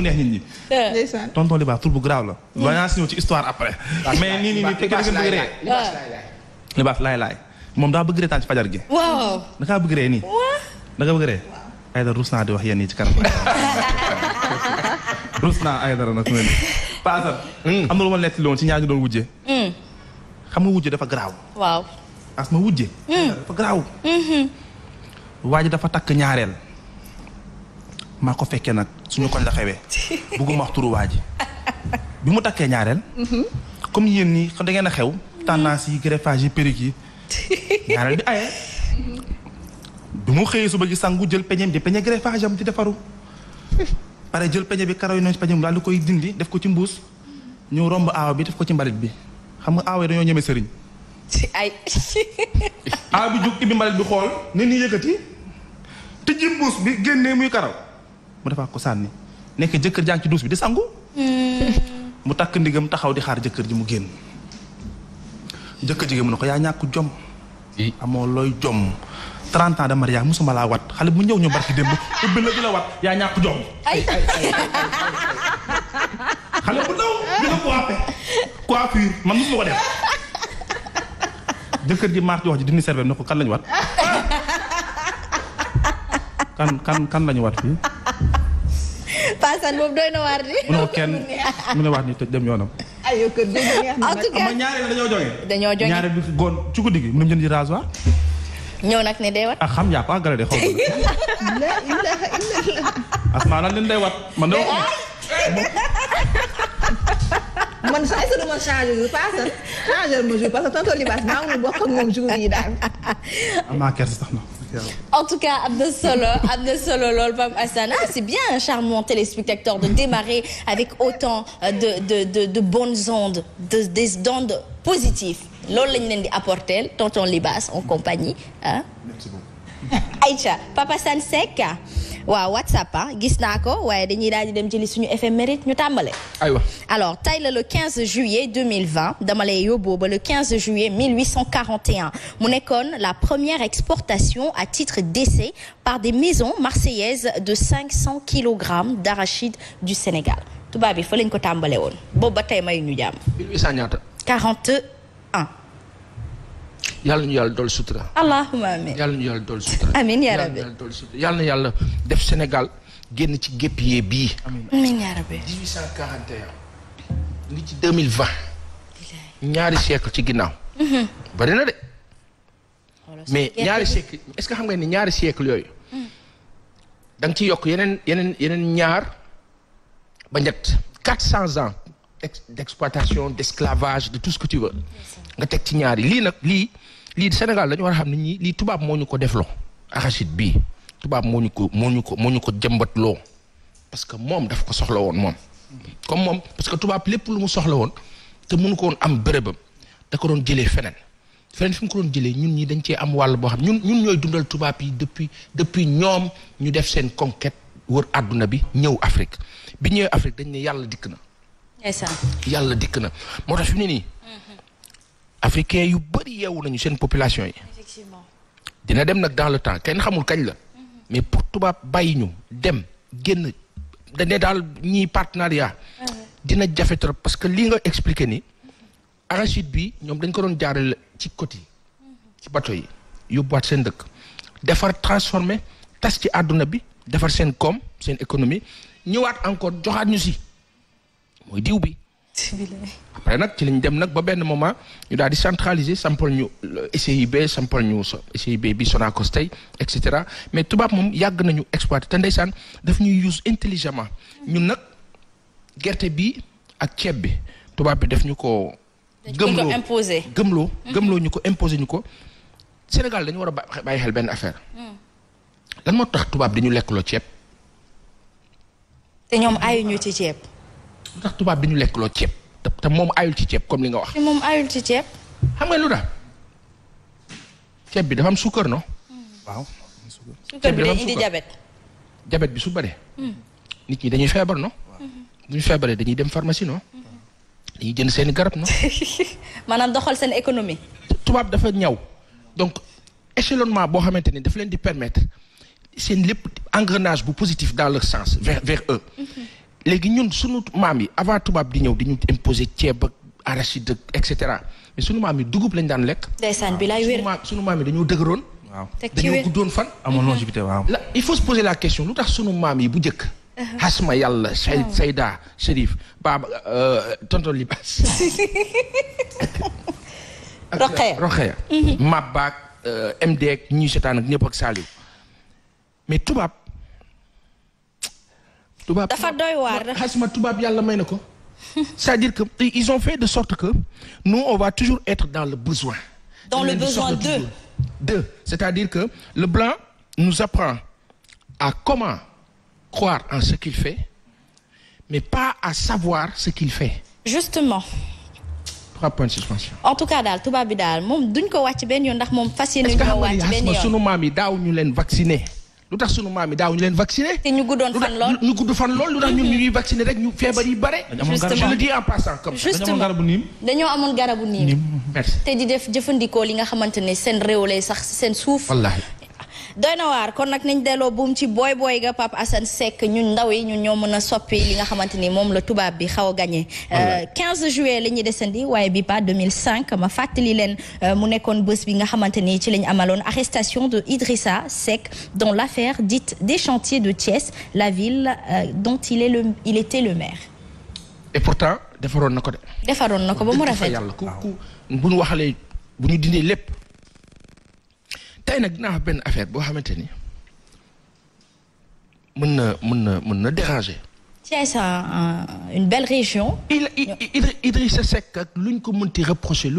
mu neex nit ñi. Eh. ndeysaan tonton Liba tur bu la. Mm. loolu naa si ñëw ci histoire après. mais nii nii nii teg ngeen eh. bëgg moom da kaa bëgg ree nii. da nga bëgg ree. ay da naa di wax yenn yi ci kanam. rus naa ay dara nag su paasal am na lu ma nettali woon ci ñaar ñu doon wujje mm. xam nga wujje dafa garaaw waaw as ma wujje mm. dafa mm-hmm. dafa takk ñaareel maa ko fekkee nag suñu ko la xewee bugguma wax turu waa ji bi mu takkee ñaareel mhm. comme yéen ñi dangeen a xew tendance yi greffage yi perruque yi ñaareel bi aye mhm. bi mu xëyee suba gi sangu jël peñeem di peñe greffage am di defaru pare jël peñe bi karaw yi noonu si peñe bi daal di koy dindi def ko ci mbuus ñëw romb aaw bi def ko ci mbalit bi xam nga aaw yi dañoo ñeme sëriñ ci ay aaw bi jug ibi mbalit bi xool ne ni yëkkati tijji mbuus bi génnee muy karaw mu defaat ko sànni nekk jëkkër jàng ci duus bi di sangu. Hmm. mu takk ndigam taxaw di xaar jëkkër ji mu génn. jëkkër ji mu ne ko yaa ñàkk jom. amoo looy jom. 30 ans de mariage laa wat xale bu ñëw ñu barki démb ubbi la di la wat yaa ñàkk jom. nga ko def. jëkkër ji maax ji wax ji dindi serve ne ko kan lañu wat. kan kan kan lañu wat fii. Assane boobu doy na waar di. munoo kenn mu ne waat ni toj dem yoonam. aywa kër dégg nga. en dañoo jógee. dañoo jógee ñaareel bi goon ci guddi gi mu dem jëndi rasoir. ñëw nag ne day wat. ah xam yaa ko ah de xaw ma. la ilaha illallah. asmaa lan wat ma changé jour ma jour parce que yi daal. am naa kersi na. en tout cas am na solo am na solo lool Pape Assane ah c'est bien charmant téléspectateur de démarrer avec autant euh, de de de de bonnes ondes de des ondes positives loolu lañ leen di apporter tonton Libas en compagnie ah. merci beaucoup. waaw WhatsApp ah gis naa ko waaye dañuy daal di dem jëli suñu éphéméride ñu tàmbale. aywa alors tey la le 15 juillet 2020 dama lay yóbboo ba le 15 juillet 1841 mu nekkoon la première exportation à titre d'essai par des maisons marseillaises de 500 kilogrammes d'arachide du Sénégal tubaab bi fa lañ ko tàmbale woon boobu ba tey may ñu jàmm. yàlla ñu yàlla dool sutura. allahumma amiin yàlla ñu yàlla dool sutura. amiin yaa rabbi yàlla yàlla na yàlla def Sénégal génn ci gépp yee bii. amiin yaa rabbi 1841. ngi ci 2020. ñaari siècle ci ginnaaw. Mhm. bari na de. mais ñaari siècle est-ce que xam nga ni ñaari siècle yooyu. Mhm. da ci yokk yeneen yeneen yeneen ñaar ba ñett quatre cents ans. d'exploitation d'esclavage de tout ce nga teg ci ñaari lii nag lii lii Sénégal dañu war a xam ne ñi lii tubaab moo ñu ko defloo arachide bii tubaab moo ñu ko moo ñu ko moo ñu ko jëmbatloo parce que moom daf ko soxla woon moom comme moom parce que tubaab lépp lu mu soxla woon te mënu ko woon am bërëbam da ko doon jëlee feneen feneen fi mu ko doon jëlee ñun ñi dañ cee am wàll boo xam ñun ñun ñooy dundal tubaab yi depuis depuis ñoom ñu def seen conquête wër àdduna bi ñëw Afrique bi ñëwee Afrique dañ ne yàlla dikk na yàlla dikk na moo tax fi mu nii. Mhm. africain yu bëri yeewu nañu seen population yi. effectivement dina dem nag dans le temps kenn xamul kañ la. Mhm. mais pour tubaab bàyyi ñu dem génn dañ daal ñii partenariat. dina jafe trop parce que lii nga expliqué ni. Mhm. arachide bi ñoom dañ ko doon jaarale ci côte yi. ci bateau yi yóbbuwaat seen dëkk. defar transformé tas ci àdduna bi defar seen koom seen économie ñëwaat encore joxaat ñu si. mooy diw bi. après nag ci lañ dem nag ba benn moment ñu daal di centraliser sampal ñu SIB sampal ñu SIB bi Sonacos tey et mais tubaab moom yàgg nañu exploité te ndeysaan daf ñuy use intelligemment ñun nag gerte bi ak ceeb bi tubaab bi daf ñu ko gëmloo imposé gëmloo mhm. gëmloo ñu ko imposé ñu ko Sénégal dañu war a bàyyi xel benn affaire hmm. lan moo tax tubaab dañu lekkloo ceeb te ñoom ayuñu ci ceeb lu tubaab bi ñu lekk ceeb te moom ayul ci ceeb comme li nga wax. moom ayul ci ceeb. xam nga lu tax bi dafa am suukar no hmm. waaw. bi su bëree. Hmm. nit ñi dañuy feebar no bu hmm. dañuy dem pharmacie no dañuy seen garab no doxal seen économie. tubaab dafa ñaw donc échelonnement boo xamante ni daf leen di permettre seen lépp engrenage bu positif dans le sens vers vers eux. léegi ñun sunu maam yi avant tubaab di ñëw di ñu imposer ceeb ak arachide et cetera mais sunu maam yi dugub lañ daan lekk. ndeysaan bi sunu maam yi dañoo dëgëroon. waaw dañoo guddoon fan. amoon waaw. la il faut se poser la question lu tax sunu maam yi bu njëkk. Hasma uh-huh. yàlla oh. Say Sayda Cherif Baba euh, tonton Libas. Roqeya Roqeya. Mabba ak MD mm-hmm. ak euh, ñi seetaan ak ñëpp ak Saliou mais tubaab. tubaab dafa doy waar xasma tubaab yàlla may na ko. c'est-à-dire que ils ont fait de sorte que nous on va toujours être dans le besoin. dans le besoin de. de c'est-à-dire que le blanc nous apprend à comment croire en ce qu'il fait mais pas à savoir ce qu'il fait. justement. en tout cas daal tubaab bi daal moom duñ ko wàcc benn yoon ndax moom fas yéene. ñu ko wàcc benn yoon est maam yi daaw leen vacciner. lu tax sunu maam yi daaw ñu leen vacciné. te ñu guddoon fan lool ñu gudd fan lool lu tax ñun ñu ñuy vacciné rek ñu feebar yi bare. je le dis en dañoo amoon garabu niim dañoo te di def jëfandikoo li nga xamante ne seen réew lay sax seen suuf. wallaahi doy na waar kon nag nañ delloo buum ci booy booy ga Pape Assane Seck ñun ndaw yi ñun ñoo mën a soppi li nga xamante ni moom la tubaab bi xaw a gagné. 15 euh, juillet la ñuy desandi waaye bi pas 2005 ma fàttali leen euh, mu nekkoon bés bi nga xamante ni ci lañ amaloon arrestation de Idrissa Seck dans l'affaire dite des chantiers de Thiès la ville euh, dont il est le il était le maire. et pourtant defaroon na ko de. defaroon na ko ba mu rafet yàlla ku ku bu ñu waxalee bu ñu dindee lépp. tey nag dinaa benn affaire boo xamante ni mën na mën na mën na déranger. Thiès a euh, une belle région. il Idrissa Seck ak lu ñu ko mënti reprocher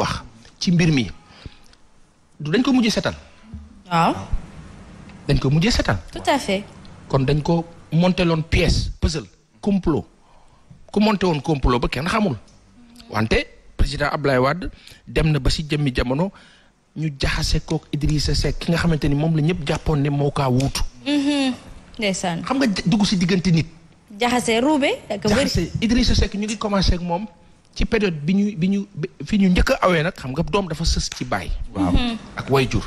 wax ci mbir mi du dañ ko mujjee setal. waaw. Ah. dañ ko mujjee setal. tout à fait. kon dañ ko monté loon pièce puzzle complot ku monté woon complot ba kenn xamul wante président Ablaye Wade dem na ba si jëmmi jamono. ñu jaxase kook Idrissa Seck ki nga xamante ni moom la ñëpp jàppoon ne moo kaa wuutu. Mhm. ndeysaan. xam nga dugg si diggante nit. jaxase ruube ak bëri jaxase Idrissa Seck ñu ngi commencé ak moom ci période bi ñu bi ñu fi ñu njëkk a awee nag xam nga doom dafa sës ci baay. waaw mhm. ak wayjur.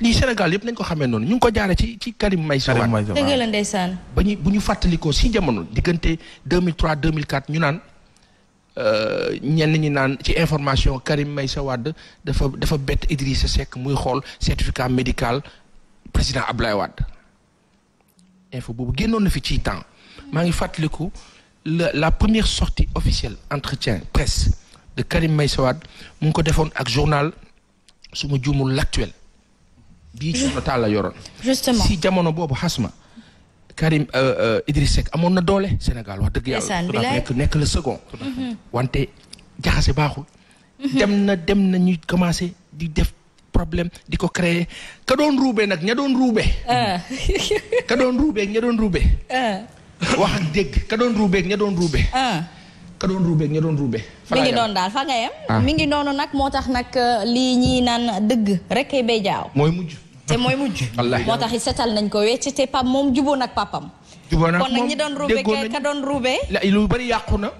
lii Sénégal yëpp nañ ko xamee noonu ñu ngi ko jaare ci ci Karim Meïssa Wade. dëgg la ndeysaan. ñu bu ñu fàttalikoo si jamono diggante mille 2004 ñu naan. Euh, ñenn ñi naan ci information Karim Meïssa Wade dafa dafa bett Idrissa Seck muy xool certificat médical président Ablaye Wade info boobu génnoon na fi ci temps maa ngi fàttaliku la la première sorti officielle entretien presse de Karim Meïssa Wade mu ngi ko defoon ak journal suma ma juumul l'actuel bii journal la yoroon. si jamono boobu xasma Karim euh, euh, Idriss Seck amoon na doole Sénégal wax dëgg yàlla nekk nekk le second mm-hmm. Mm-hmm. wante jaxase baaxul mm-hmm. dem na dem na ñuy commencé di def problème di ko créer ka doon ruube nag ña doon ruube ah. ka doon ruube ña doon ruube ah. wax ak dégg ka doon ruubeeg ña doon ruube ah. ka doon ruubeeg ña doon ruube mi ngi noonu daal fa nga yem ngi noonu nag moo tax nag euh, lii ñii naan dëgg rek kay te mooy mujj. moo tax it setal nañ ko wecc te pap moom juboon ak papam. juboon ak moom kon nag ñi doon ruube ka doon ruube. lu bari yàqu na.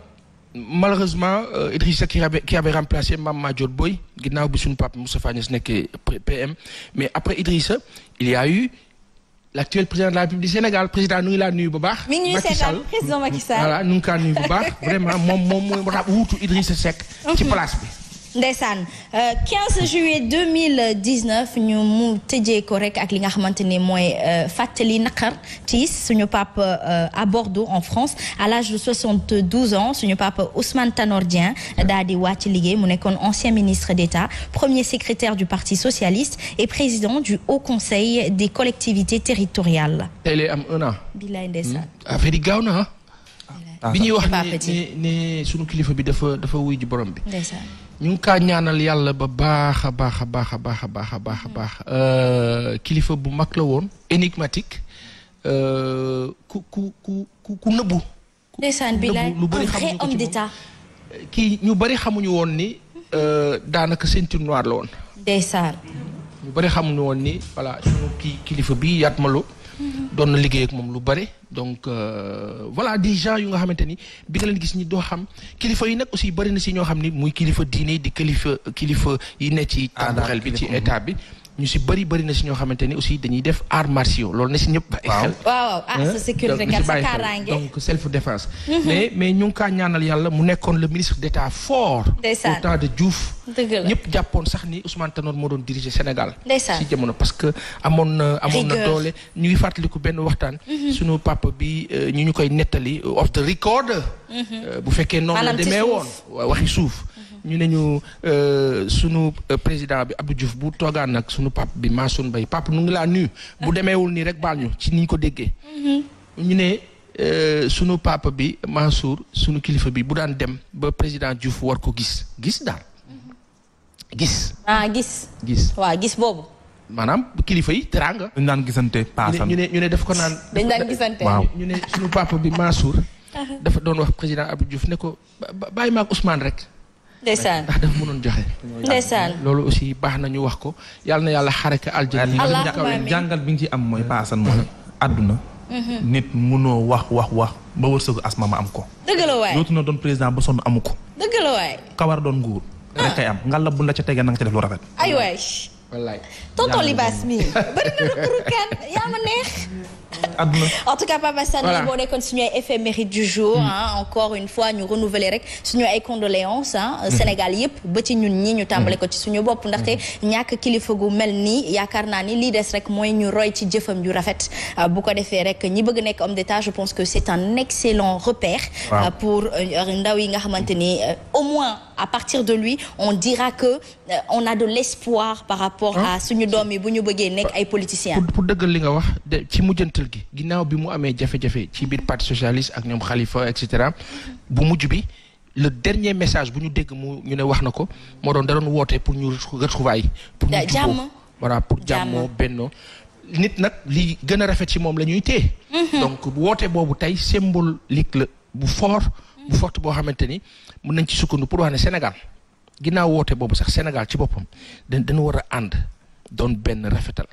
malheureusement euh, Idrissa qui avait qui avait remplacé Mame Madior Boye ginnaaw bi suñu papa Moustapha Niasse nekkee PM mais après Idrissa il y a eu l'actuel président de la République Sénégal président nu ngi laa nuyu bu baax. mi ngi ñuy seetal président Macky Sall voilà nu moom moom mooy wuutu Idrissa Seck. ci place bi. ndeysaan 15 euh, juillet 2019 ñu mu tëjee ko rek ak li nga xamante ni mooy euh, fàttali naqar tiis suñu pape euh, à Bordeaux en France à l'âge de 72 ans suñu pape Ousmane Tanor Dieng daal di wàcc liggéey mu nekkoon ancien ministre d'État premier secrétaire du Parti socialiste et président du Haut Conseil des collectivités territoriales. am un an. bilaay ndeysaan. Hmm. affaire ah, yi gaaw na ah. ñuy wax ah, ne sunu kilifa bi dafa dafa wuy ji ñu ngi ka ñaanal yàlla ba baax a baax a baax a baax a baax a baax a baax euh, kilifa bu mag la woon énigmatique euh, ku ku ku ku nëbbu. ndeysaan ñu bëri xamuñu woon ni euh, daanaka ceinture noire la woon. ndeysaan. ñu bëri xamuñu woon ni voilà sunu kii kilifa bi Yatmalou. doon na liggéey ak moom lu bare donc euh, voilà des gens yu nga xamante ni bi nga leen gis ñi doo xam kilifa yi nag aussi bari na si ñoo xam ni muy kilifa diine di kilifa kilifa yi ne ci. aada xel bi ci état bi. ñu si bëri bëri na si ñoo xamante ni aussi dañuy def arts martiaux loolu na si ñëpp. bàyyi xel waaw ah sa sécurité kat sa donc self défense. Mhm. mais mais ñu ngi ka ñaanal yàlla mu nekkoon le ministre d' état fort. temps de Diouf. dëgg ñëpp jàppoon sax ni Ousmane Tanor moo doon diriger Sénégal. ndeysaan si jamono parce que amoon na amoon na doole ñuy ngi fàttaliku benn waxtaan. Mhm. sunu papa bi euh, ñu ñu koy nettali euh, off the record. Mhm. Euh, bu fekkee noonu la demee woon waxi suuf. ñu ne ñu euh, sunu euh, président bi abu Diouf bu toogaan nag sunu pap bi Mansour Mbaye pap nu ngi laa nuyu. bu demeewul nii rek baal ñu ni ñu ko déggee. Mm-hmm. ñu ne euh, sunu papa bi Mansour sunu kilifa bi bu daan dem ba président Diouf war ko gis gis daal. Mm-hmm. gis. ah gis. gis waaw gis boobu. maanaam kilifa yi teraanga. dañ daan gisante paasan ñu ne ñu ko naan. dañ waaw ñu ne sunu papa bi Mansour. Uh-huh. dafa doon wax président Abdou Diouf ne ko bàyyi ma ak rek. ndeysaan ah, dafa mënoon joxe. loolu aussi baax na ñu wax ko yàlla na yàlla xare ka aljana. jàngal bi nga ci am mooy paasan mooy mhm. àdduna. Mhm. nit mu noo wax wax wax ba wërsëgu asma ma am ko. dëgg la na doon président ba sonn amu ko. dëgg kawar doon nguur. Ah. rek kay am ngalla bu la ca tegee na nga ca def lu rafet. ay waay. wallaay Libaas mii bari na ruq yaa ma neex. àdduna en tout cas Papa Sane voilà boo nekkoon suñu ay éphéméride du jour. Mm. encore une fois ñu renouveler rek suñu ay condoléances ah. Sénégal yëpp ba ci ñun ñi ñu tàmbale mm. ko ci suñu bopp. ndaxte ñàkk kilifa gu mel nii yaakaar naa ni lii des rek mooy ñu roy ci jëfam ju rafet euh, bu ko defee rek ñi bëgg nekk homme d'état je pense que c'est un excellent repère. Euh, pour euh, ndaw yi nga xamante ni au moins à partir de lui on dira que on a de l'espoir par rapport à suñu doom yi bu ñu bëggee nekk ay politiciens. pour pour li nga wax njeexital gi ginnaaw bi mu amee jafe-jafe ci biir parti socialiste ak ñoom xalifa et cetera bu mujj bi la dernier message bu ñu dégg mu ñu ne wax na ko moo doon da doon woote pour ñu retrouvaille pour ñu jubóo voilà pour jàmmoo bennoo nit nag li gën a rafet ci moom la ñuy téye mhm. donc wootee boobu tey symbolique la bu fort bu mhm. fort boo xamante ni mun nañ ci sukkandu pour wax ne Sénégal ginnaaw woote boobu sax Sénégal ci boppam da dañu war a ànd doon benn rafetal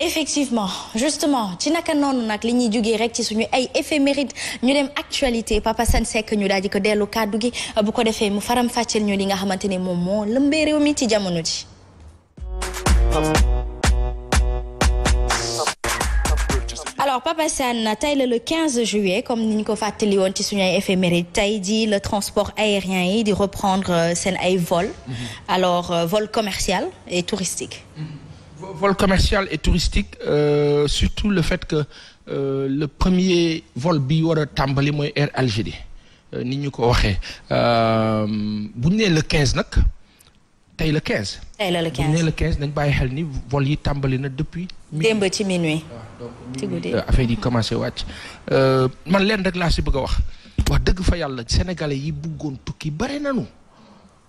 effectivement justement ci naka noonu nag li ñuy jugee rek ci suñu ay éphéméride ñu dem actualité Papa Sane Seck ñu daal di ko dellu kàddu gi bu ko defee mu faram fàcceel ñu li nga xamante ne moom moo lëmbee réew mi ci jamono ji. alors Papa Sane tey la le 15 juillet comme ni ñu ko fàttali woon ci suñu ay éphéméride tey jii le transport aérien yi di reprendre euh, seen ay vol mm-hmm. alors euh, vol commercial et touristique. Mm-hmm. vol commercial et touristique euh, surtout le fait que euh, le premier vol bi war a tàmbali mooy Air Algérie euh, ni ñu ko waxee euh, bu nee la quinze nag tey la le quinze bu ñu le quinze nañ bàyyi xel ni vol yi tàmbali na depuis. démb ci minuit. Ah, ci guddi euh, affaire yi commencé wàcc. man leen rek laa si bëgg a wax wax dëgg fa yàlla sénégalais yi buggoon tukki bare nanu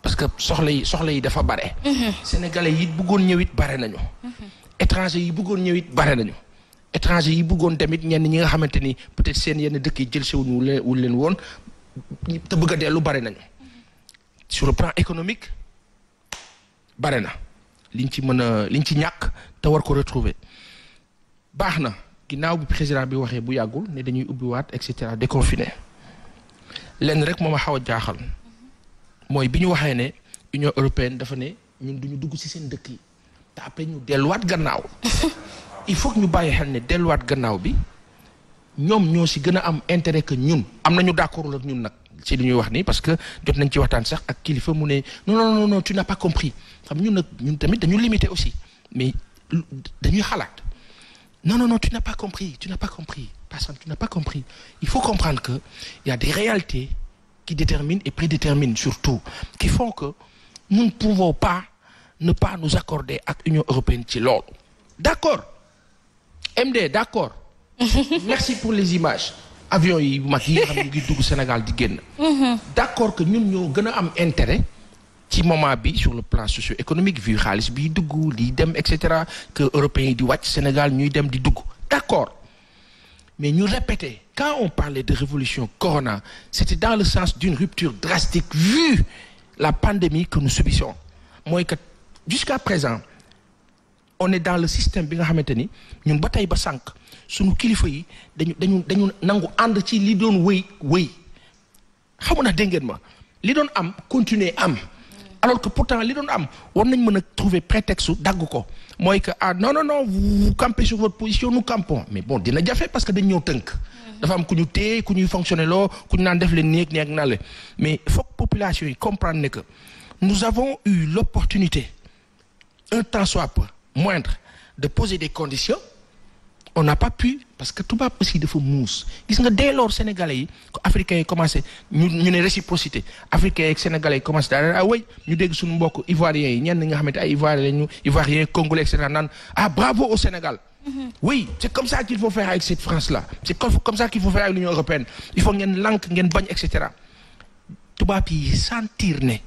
parce que soxla yi soxla yi dafa bare. Mhm. sénégalais yi bëggoon mhm. ñëw it bare nañu. étranger yi bëggoon ñëw it bare nañu. étranger yi bëggoon tamit ñenn ñi nga xamante ni peut-être seen yenn dëkk yi jël si wuñu leen wul leen woon te bëgg a dellu bare nañu. sur le plan économique bare na liñ ci mën a liñ ci ñàkk te war ko retrouver baax na ginnaaw bi président bi waxee bu yàggul ne dañuy ubbiwaat et cetera déconfiné lenn rek moom a xaw a jaaxal. mooy bi ñu waxee ne Union européenne dafa ne ñun du ñu dugg ci seen dëkk yi te après ñu delluwaat gannaaw il faut ñu bàyyi xel ne delluwaat gannaaw bi ñoom ñoo ci gën a am intérêt que ñun am nañu d'accord ak ñun nag ci li ñuy wax ni parce que jot nañ ci waxtaan sax ak kilifa mu ne non non non tu n'as pas compris xam ñun nag ñun tamit dañu limité aussi mais dañuy xalaat non non non tu n'as pas compris tu n'as pas compris Passane tu n'as pas compris il faut comprendre que il y a qui déterminent et prédéterminent surtout, qui font que nous ne pouvons pas ne pas nous accorder avec l'Union européenne. D'accord. MD, d'accord. Merci pour les images. Avion, il maquille, il Sénégal, mhm. D'accord que nous, nous avons intérêt. ci moment bi sur le plan socio-économique vu xaalis bi dugg di dem et cetera que européens yi di wàcc Sénégal ñuy dem di dugg d'accord mais ñu répéter quand on parlait de révolution corona c'était dans le sens d'une rupture drastique vu la pandémie que nous subissons mooy que jusqu'à présent on est dans le système bi nga xamante ni ñun ba tey ba sànq suñu kilifa yi dañu dañu dañu nangu ànd ci li doon wëy wëy xamu na dégg ngeen ma li doon am continuer am alors que pourtant li doon am war nañ mën a trouver prétexte su dagg ko mooy que ah non non non vous campez sur votre position nous campons mais bon dina jafe parce que dañ ñëw tënk. dafa am ku ñu téye ku ñuy fonctionner loo ku ñu naan def leen néeg néeg naa mais foog population yi comprendre ne que nous avons eu l'opportunité un temps soit peu moindre de poser des conditions. on n'a pas pu parce que tubaab aussi dafa muus gis nga dès lors sénégalais yi africains yi commencé ñu ñu ne réciprocité africains yi sénégalais yi commencé daal way ah ñu dégg suñu mbokk ivoiriens yi ñenn nga xamante ay ivoiriens ñu ivoiriens congolais et cetera naan ah bravo au Sénégal. Mm-hmm. oui c' est comme ça qu'il faut faire avec cette France là c' est comme ça qu'il faut faire avec l'Union européenne il faut ngeen lànk ngeen bañ et cetera tubaab yi sentir ne.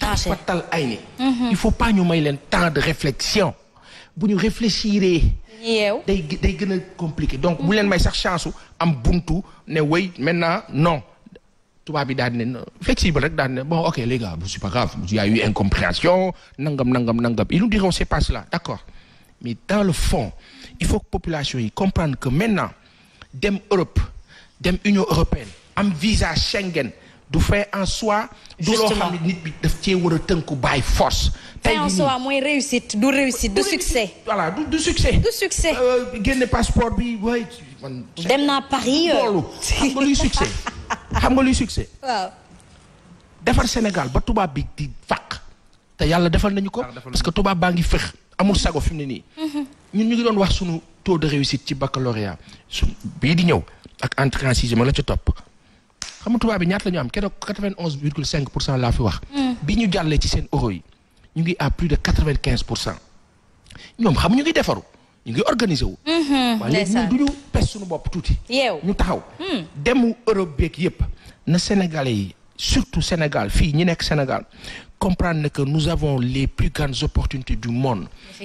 tànn fatal ay ni mm-hmm. il faut pas ñu may leen temps de réflexion. bu ñu réfléchiree. yeew day day gën a compliqué donc bu leen may sax chance am buntu ne way maintenant non. tubaab bi daal di ne flexible rek daal ne bon ok les gars c'est pas grave il y a eu incompréhension nangam nangam nangam ils nous diront c'est pas cela d'accord mais dans le fond il faut que population yi comprendre que maintenant dem Europe dem Union européenne am visa Schengen. du fait en soi. du loo xam nit bi daf cee war a tënku bàyyi force. tey en soi mooy réussite du réussite du succès. voilà du du succès. du succès. Euh, génne passeport bi waay man. dem naa Paris. Euh. loolu xam nga luy succès xam nga luy succès. defar Sénégal ba tubaab bi di fàq. te yàlla defal nañu ko. parce que tubaab baa ngi fex amul sago fi mu ne nii. Mm-hmm. ñun ñu ngi doon wax sunu taux de réussite ci baccalauréat su bii di ñëw ak entrée en sixième la ca topp. xam bi ñaata la am keroog 91 virgule 5 pour cent laa fi wax. Hmm. bi ñu jàllee ci seen euro yi ñu ngi à plus de 95 pour cent ñoom xam ñu ngi defaru ñu ngi organiser wu. Hmm. waaye léegi du ñu pes suñu bopp tuuti. yeew ñu taxaw. Hmm. demu Europe beeg yëpp na Sénégalais yi surtout Sénégal fii ñu nekk Sénégal comprendre que nous avons les plus grandes opportunités du monde.